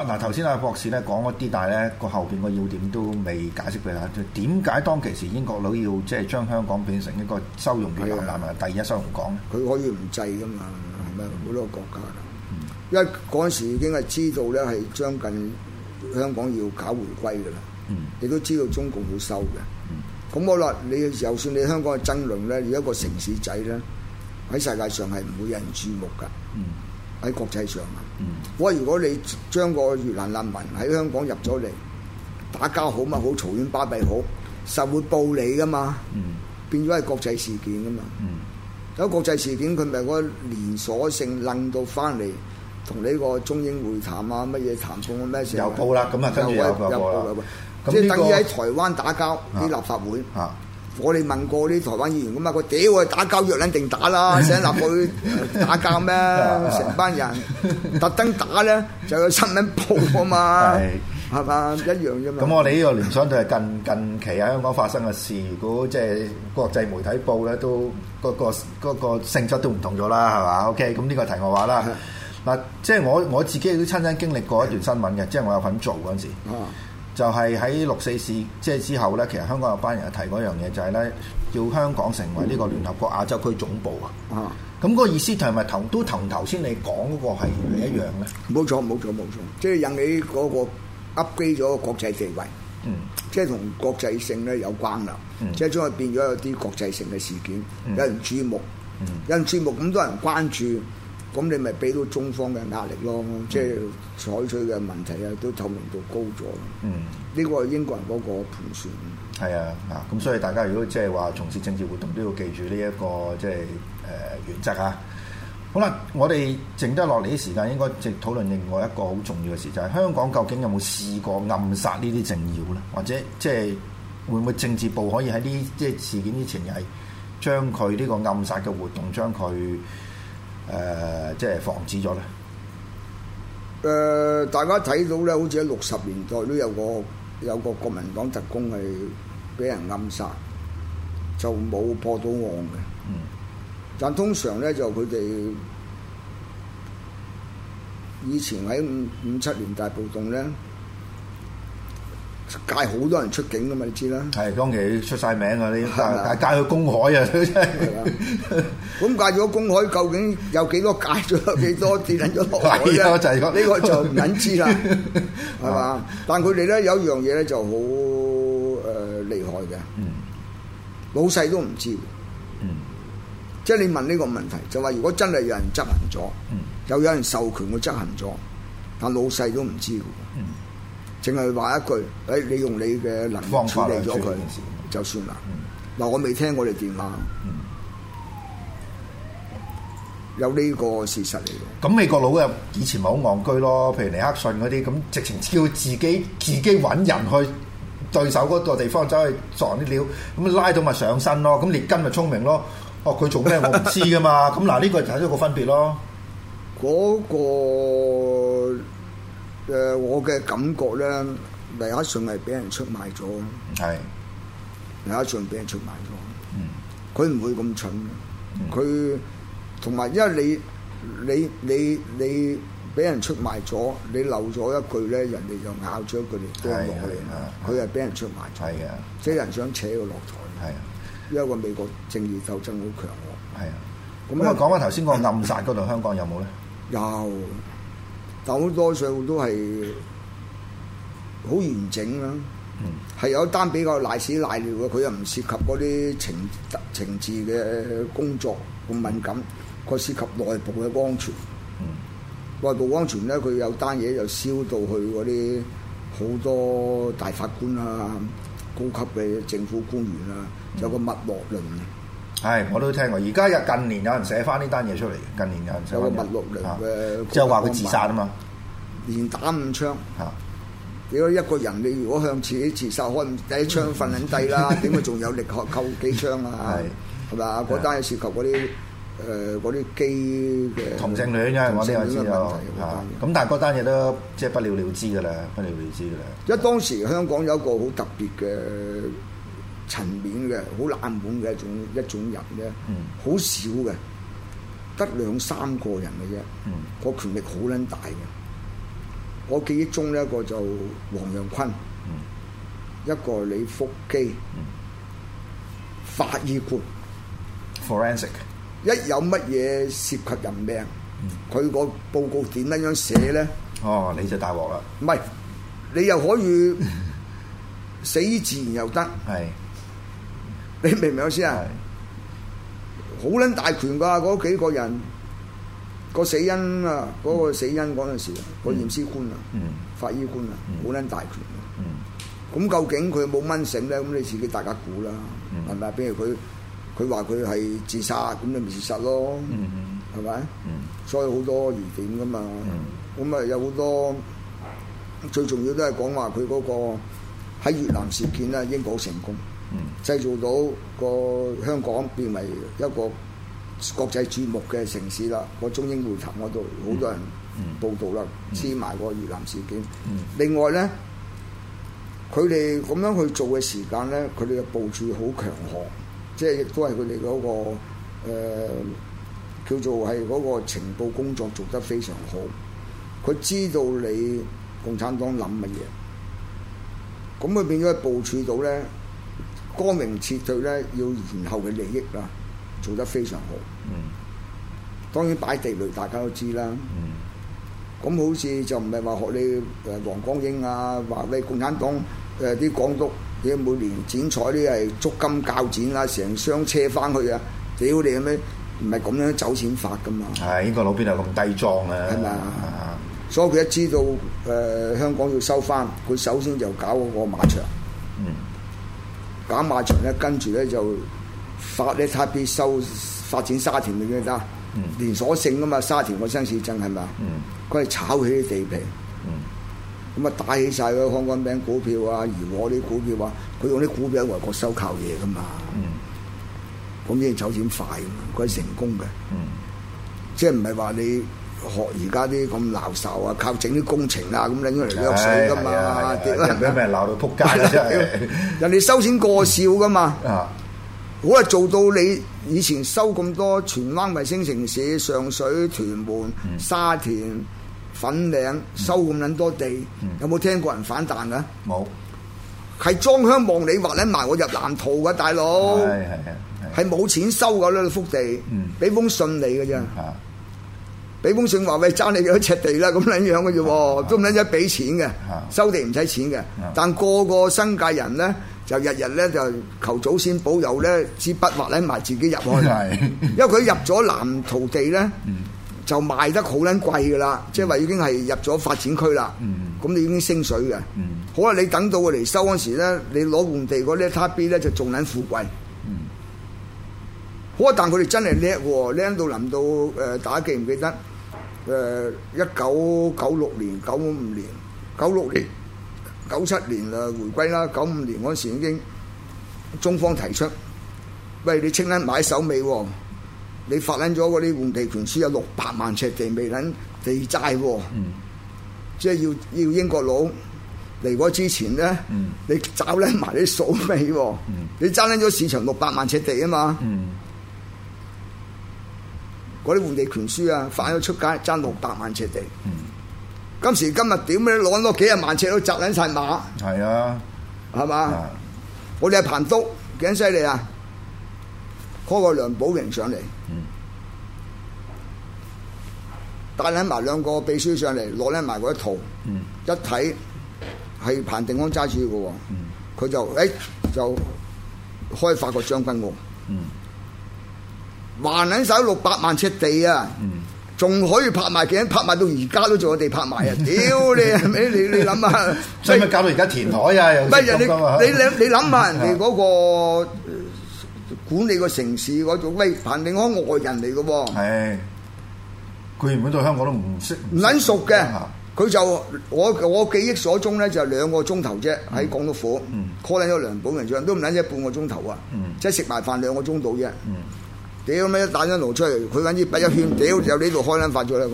嗱，頭先阿博士咧講嗰啲，但係咧個後邊個要點都未解釋俾你聽。點解當其時英國佬要即係將香港變成一個收容嘅難民第一，收容港佢可以唔制噶嘛？係咪好多個國家？因為嗰陣時已經係知道咧係將近香港要搞回歸噶啦。你、嗯、都知道中共收、嗯、好收嘅。咁好啦，你就算你香港嘅爭論咧，一個城市仔咧喺、嗯、世界上係唔會有人注目噶。嗯喺國際上啊，我、嗯、如果你將個越南難民喺香港入咗嚟，打交好乜好，嘈冤巴閉好，實會報你㗎嘛，嗯、變咗係國際事件㗎嘛，有、嗯、國際事件佢咪嗰個連鎖性楞到返嚟，同呢個中英會談啊乜嘢談判啊咩事，有報啦，咁啊跟住有報啦，即係、呢個、等於喺台灣打交啲立法會。啊啊我哋問過啲台灣議員咁啊，我屌啊，打交若撚定打啦，成日立會打交咩？成班人特登打咧，就有新聞報啊嘛，係係嘛一樣啫嘛。咁我哋呢個聯想對近近期喺香港發生嘅事，如果即係國際媒體報咧，都嗰個嗰個性質都唔同咗啦，係嘛？OK，咁呢個題外話啦。嗱，即係我我自己都親身經歷過一段新聞嘅，即係我有份做嗰陣時。就係喺六四事即係之後咧，其實香港有班人提嗰樣嘢，就係咧叫香港成為呢個聯合國亞洲區總部啊！咁、嗯嗯嗰個意思同埋同都同頭先你講嗰個係係一樣咧。冇錯，冇錯，冇錯，即係引起嗰、嗰個 upgrade 咗國際地位。嗯，即係同國際性咧有關啦。嗯、即係將佢變咗有啲國際性嘅事件，有、嗯、人注目，有、嗯、人注目，咁多人關注。咁你咪俾到中方嘅壓力咯，嗯、即係採取嘅問題啊，都透明度高咗。嗯，呢個係英國人嗰個盤算，係啊，嗱，咁所以大家如果即係話從事政治活動，都要記住呢一個即係誒原則啊。好啦，我哋剩得落嚟嘅時間，應該直討論另外一個好重要嘅事，就係、是、香港究竟有冇試過暗殺呢啲政要咧？或者即係會唔會政治部可以喺呢即係事件之前，又係將佢呢個暗殺嘅活動，將佢？誒、呃，即係防止咗咧。誒、呃，大家睇到咧，好似喺六十年代都有個有個國民黨特工係俾人暗殺，就冇破到案嘅。嗯。但通常咧，就佢哋以前喺五五七年大暴動咧。解好多人出境噶嘛，你知啦。係當其時出晒名啊，啲解解去公海啊，咁解咗公海究竟有幾多解咗，有幾多跌咗落海呢，就是、 個就冇人知啦，係嘛？啊、但佢哋咧有一樣嘢咧就好誒厲害嘅。老細都唔知。嗯。嗯，即係你問呢個問題，就話如果真係有人執行咗，有、嗯、有人授權佢執行咗，但老細都唔知。嗯。淨係話一句，誒，你用你嘅能力處理咗佢，就算啦。嗱，我未聽過你電話，有呢個事實嚟嘅。咁美國佬啊，以前咪好戇居咯，譬如尼克遜嗰啲，咁直情叫自己自己揾人去對手嗰個地方走去撞啲料，咁拉到咪上身咯。咁列根咪聰明咯。哦，佢做咩我唔知噶嘛。咁嗱，呢個就係一個分別咯。嗰個。誒，uh, 我嘅感覺咧，尼克遜係俾人出賣咗。係尼克遜俾人出賣咗。嗯，佢唔會咁蠢。佢同埋因為你你你你俾人出賣咗，你漏咗一句咧，人哋又咬咗一句嚟，跌落去。佢係俾人出賣咗。係啊，即係人想扯佢落台。係啊，因為美國正義鬥爭好強。係啊，咁我講翻頭先個暗殺嗰度，香港有冇咧？有。但好多數都係好完整啦，係、嗯、有一單比較瀨屎瀨尿嘅，佢又唔涉及嗰啲情情治嘅工作咁敏感，佢涉及內部嘅安全。嗯、內部安全咧，佢有單嘢就燒到去嗰啲好多大法官啊、高級嘅政府官員啊，有、嗯、個麥樂倫。係，我都聽過。而家有近年有人寫翻呢單嘢出嚟。近年有人寫翻啲啊，即係話佢自殺啊嘛，連打五槍。嚇！如果一個人你如果向自己自殺可能第一槍，瞓冧低啦，點會仲有力去扣幾槍啊？係係咪啊？嗰單嘢涉及嗰啲誒嗰啲機嘅同性戀，因為我都有知道嚇。咁但係嗰單嘢都即係不了了之㗎喇，不了了之㗎喇。因為當時香港有一個好特別嘅。層面嘅好冷門嘅一種一種人咧，好、嗯、少嘅，得兩三個人嘅啫。個、嗯、權力好撚大嘅。我記憶中咧，一個就黃陽坤，嗯、一個李福基，嗯、法醫官。Forensic 一有乜嘢涉及人命，佢個、嗯、報告點樣樣寫咧？哦，你就大鑊啦！唔係你又可以 死自然又得。係。一義你明唔明先啊？好撚大權㗎，嗰幾個人個死因啊，嗰個死因嗰陣時，個驗屍官啊，法醫官啊，好撚大權。咁究竟佢冇蚊醒咧？咁你自己大家估啦，係咪？比如佢佢話佢係自殺，咁你咪自殺咯，係咪？所以好多疑點㗎嘛。咁啊，有好多最重要都係講話佢嗰個喺越南事件咧，應該好成功。嗯、製造到個香港變為一個國際注目嘅城市啦。個、嗯、中英會談，嗰度好多人報道啦，黐埋、嗯、個越南事件。嗯嗯、另外咧，佢哋咁樣去做嘅時間咧，佢哋嘅部署好強悍，即係亦都係佢哋嗰個、呃、叫做係嗰個情報工作做得非常好。佢知道你共產黨諗乜嘢，咁佢變咗部署到咧。光明撤退咧，要延後嘅利益啦，做得非常好。嗯，當然擺地雷大家都知啦。嗯，咁好似就唔係話學你誒黃光英啊，話你共產黨誒啲、呃、港督，你每年剪彩啲係足金交剪、哎、啊，成箱車翻去啊，屌你咁樣，唔係咁樣走錢法噶嘛。係呢該攞邊度咁低裝啊？係嘛，所以佢一知道誒、呃、香港要收翻，佢首先就搞嗰個馬場。嗯。打馬場咧，跟住咧就發啲拆別收，發展沙田嘅嘢得，嗯、連鎖性噶嘛，沙田個新市鎮係咪？佢、嗯、炒起啲地皮，咁啊、嗯、打起晒嗰啲康乾餅股票啊，怡和啲股票啊，佢用啲股票喺外國收購嘢噶嘛，咁先、嗯、走錢快，佢係成功嘅。嗯、即係唔係話你？學而家啲咁鬧受啊，靠整啲工程啦，咁拎出嚟搲水噶嘛，跌到人哋鬧到撲街啦！人哋收錢過少噶嘛，好啊，做到你以前收咁多荃灣、衛星城市、上水、屯門、沙田、粉嶺收咁撚多地，有冇聽過人反彈噶？冇，係裝香望你，或者埋我入藍圖噶，大佬係冇錢收噶，呢幅地，俾封信你噶啫。俾封信話：喂，爭你嗰一尺地啦，咁撚樣嘅啫喎，都唔撚一俾錢嘅，收地唔使錢嘅。但個個新界人咧，就日日咧就求祖先保佑咧，支筆畫拎埋自己入去。因為佢入咗藍圖地咧，就賣得好撚貴㗎啦。即係話已經係入咗發展區啦，咁你已經升水嘅。好啊，你等到佢嚟收嗰時咧，你攞換地嗰啲 Letter B 咧就仲撚富貴。好啊，但佢哋真係叻喎，叻到淋到誒，大家記唔記得？誒一九九六年、九五年、九六年、九七年啦，回歸啦。九五年嗰時已經中方提出，喂，你清撚買手尾喎，你發撚咗嗰啲換地權書有六百萬尺地未撚地債喎，即係要要英國佬嚟嗰之前咧，你找撚埋啲數尾喎，你爭撚咗市場六百萬尺地啊嘛。嗰啲換地權書啊，反咗出街爭六百萬尺地。嗯、今時今日點樣攞多幾廿萬尺都擲緊晒馬。係啊，係嘛吧？我哋阿彭督幾犀利啊！開個、啊、梁寶榮上嚟，嗯、帶緊埋兩個秘書上嚟，攞緊埋嗰一套。嗯、一睇係彭定康揸住嘅喎，佢、嗯、就誒、哎、就開發個將軍澳。嗯還捻手六百萬尺地啊，仲可以拍埋？點？拍埋到而家都仲有地拍埋啊！屌你，係咪？你你諗下，所以搞到而家填海啊？又乜嘢？你你諗下人哋嗰個管理個城市嗰種喂，彭定康外人嚟嘅喎。係，佢原本對香港都唔識唔捻熟嘅。佢就我我記憶所中咧，就兩個鐘頭啫，喺港督府 call 緊咗梁寶明張，都唔捻咗半個鐘頭啊！即係食埋飯兩個鐘度啫。屌咩一打張圖出嚟，佢搵支筆一圈，屌就呢度開翻發咗啦咁。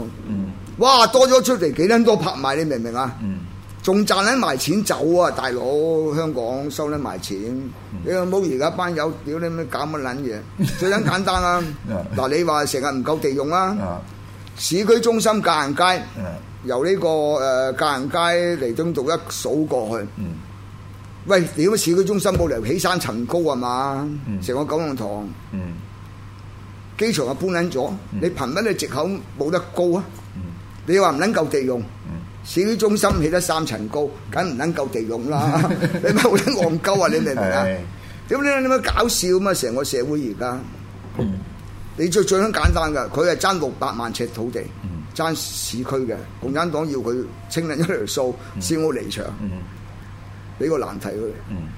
哇，多咗出嚟幾撚多拍賣，你明唔明啊？仲賺緊埋錢走啊，大佬！香港收得埋錢，你又冇而家班友屌你咩搞乜撚嘢？最撚簡單啦，嗱你話成日唔夠地用啦，市區中心界限街，由呢個誒界限街嚟中度一數過去，喂屌！市區中心冇嚟起三層高啊嘛，成個九龍塘。機場又搬緊咗，嗯、你憑乜嘢藉口冇得高啊？嗯、你話唔能夠地用，嗯、市區中心起得三層高，梗唔能夠地用啦！ 你咪好得戇鳩啊！ 你明唔明啊？點解你乜搞笑咁啊？成個社會而家，嗯、你最最想簡單嘅，佢係爭六百萬尺土地，爭、嗯、市區嘅，共產黨要佢清理一條數，先好離場，俾個難題佢哋。嗯嗯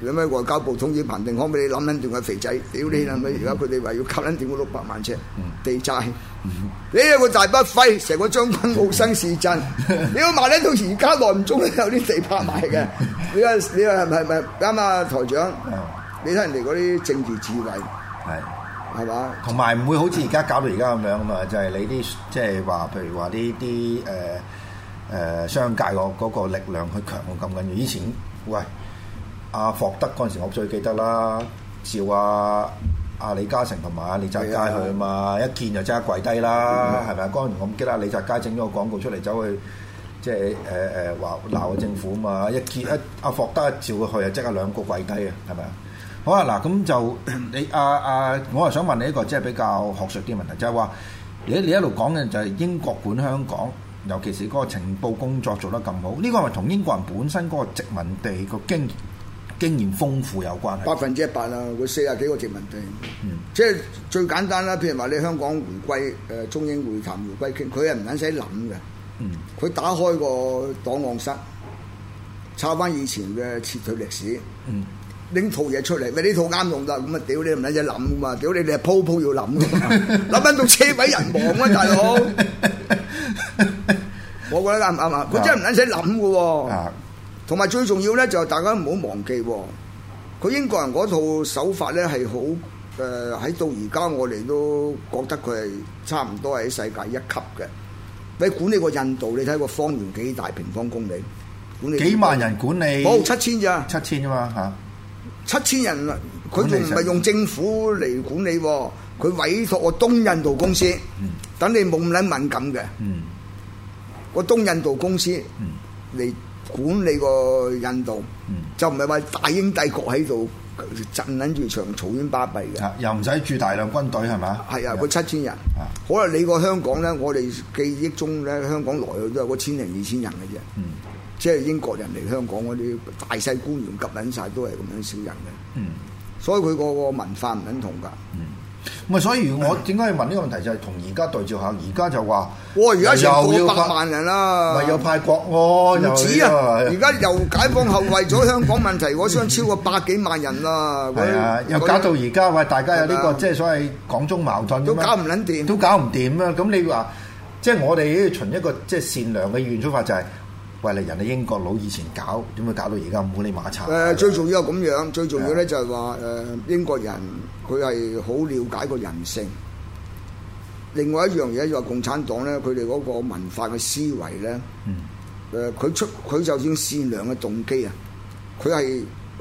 兩米外交部統一彭定康俾你諗緊段嘅肥仔，屌你啦！咪而家佢哋話要吸緊段個六百萬尺地債，有、嗯、個大筆費成個將軍澳新市鎮你屌埋咧到，而家耐唔中都有啲地拍賣嘅。你話你話係咪咪啱啊台長？你睇人哋嗰啲政治智慧係係嘛？同埋唔會好似而家搞到而家咁樣嘛？就係、是、你啲即係話，譬如話呢啲誒誒商界個個力量去強到咁緊要。以前喂。阿霍德嗰陣時，我最記得啦。召阿阿李嘉誠同埋阿李澤楷去啊嘛，一見就即刻跪低啦，係咪啊？嗰陣時我唔記得，李澤楷整咗個廣告出嚟走去，即係誒誒話鬧個政府啊嘛。一見一阿霍德召佢去，就即刻兩個跪低啊，係咪啊？好啊，嗱咁就你阿阿我係想問你一個即係比較學術啲嘅問題，就係話你你一路講嘅就係英國管香港，尤其是嗰個情報工作做得咁好，呢個係咪同英國人本身嗰個殖民地個經驗？經驗豐富有關係，百分之一百啦，佢四十幾個殖民地，即係最簡單啦。譬如話你香港回歸，誒中英會談回歸，佢佢係唔撚使諗嘅，佢打開個檔案室，抄翻以前嘅撤退歷史，拎套嘢出嚟，喂呢套啱用啦，咁啊屌你唔撚使諗噶嘛，屌你你鋪鋪要諗，諗緊到車毀人亡啊大佬，我覺得啱唔啱啊？佢真係唔撚使諗嘅喎。同埋最重要咧，就大家唔好忘記，佢英國人嗰套手法咧係好誒，喺到而家我哋都覺得佢係差唔多係喺世界一級嘅。你管理個印度，你睇個方圓幾大平方公里，管理幾萬人管理，冇七千咋，七千啊嘛嚇，七千人，佢仲唔係用政府嚟管理，佢委託個東印度公司，等你冇咁撚敏感嘅，個東印度公司嚟，管理個印度，嗯、就唔係話大英帝國喺度鎮撚住場，草菅巴閉嘅。又唔使駐大量軍隊係嘛？係啊，佢七千人。可能的你個香港咧，的我哋記憶中咧，香港來去都有嗰千零二千人嘅啫。嗯、即係英國人嚟香港，啲大細官員夾撚晒都係咁樣少人嘅。嗯、所以佢嗰個文化唔同㗎。嗯嗯。咪所以，我點解要問呢個問題就係同而家對照下，而家就話，我而家要過百萬人啦，咪又派國安，又而家由解放後為咗香港問題，我想超過百幾萬人啦。係啊，又搞到而家喂，大家有呢個即係所謂港中矛盾，都搞唔撚掂，都搞唔掂啦。咁你話，即係我哋要從一個即係善良嘅意願出發，就係。喂，人哋英國佬以前搞，點會搞到而家唔你馬差？誒，最重要係咁樣，最重要咧就係話誒英國人佢係好了解個人性。另外一樣嘢就係共產黨咧，佢哋嗰個文化嘅思維咧，誒佢、mm. 出佢就算善良嘅動機啊，佢係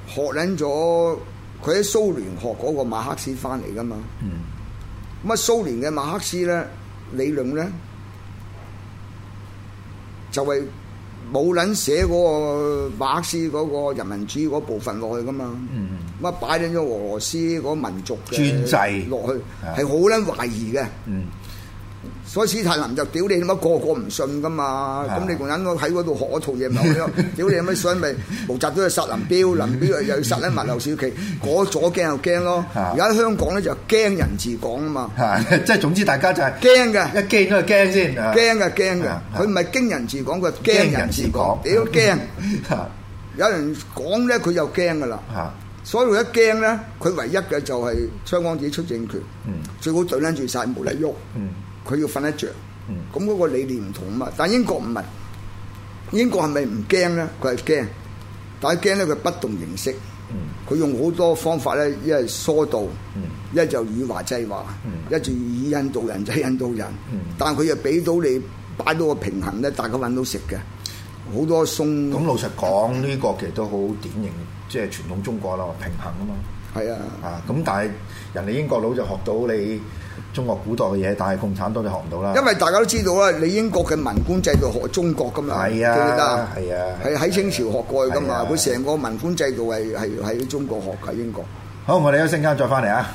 學領咗佢喺蘇聯學嗰個馬克思翻嚟噶嘛。咁啊，蘇聯嘅馬克思咧理論咧就係、是。冇捻寫嗰個馬克思嗰個人民主義嗰部分落去噶嘛、嗯，嗯嗯，咁擺緊咗俄羅斯嗰民族嘅專制落去，係好捻懷疑嘅。嗯。所以史太林就屌你，乜個個唔信噶嘛？咁你共產黨喺嗰度學咗套嘢咪好咯？屌你乜，所以咪毛澤東都殺林彪，林彪又要殺咧乜物劉少奇，嗰左驚又驚咯。而家喺香港咧就驚人自講啊嘛，即係總之大家就係驚嘅，一驚都係驚先，驚嘅驚嘅，佢唔係驚人自講嘅，佢驚人自講，屌驚！有人講咧，佢又驚噶啦，所以佢一驚咧，佢唯一嘅就係香港自己出政權，最好對撚住晒冇力喐。佢要瞓得着，咁、那、嗰個理念唔同啊嘛。但英國唔係，英國係咪唔驚咧？佢係驚，但係驚咧佢不動形式。佢用好多方法咧，嗯、一係疏導，一就以華制華，嗯、一就以印度人制、就是、印度人。嗯、但佢又俾到你擺到個平衡咧，大家揾到食嘅好多餸。咁、嗯、老實講，呢、這個其實都好典型，即、就、係、是、傳統中國咯，平衡啊嘛。係啊，啊咁、嗯嗯，但係人哋英國佬就學到你。中國古代嘅嘢，但係共產黨就學唔到啦。因為大家都知道啦，你英國嘅文官制度學中國噶嘛，係啊，記得，係啊，係喺清朝學過去噶嘛，佢成、啊、個文官制度係係喺中國學嘅、啊、英國。好，我哋一陣間再翻嚟啊。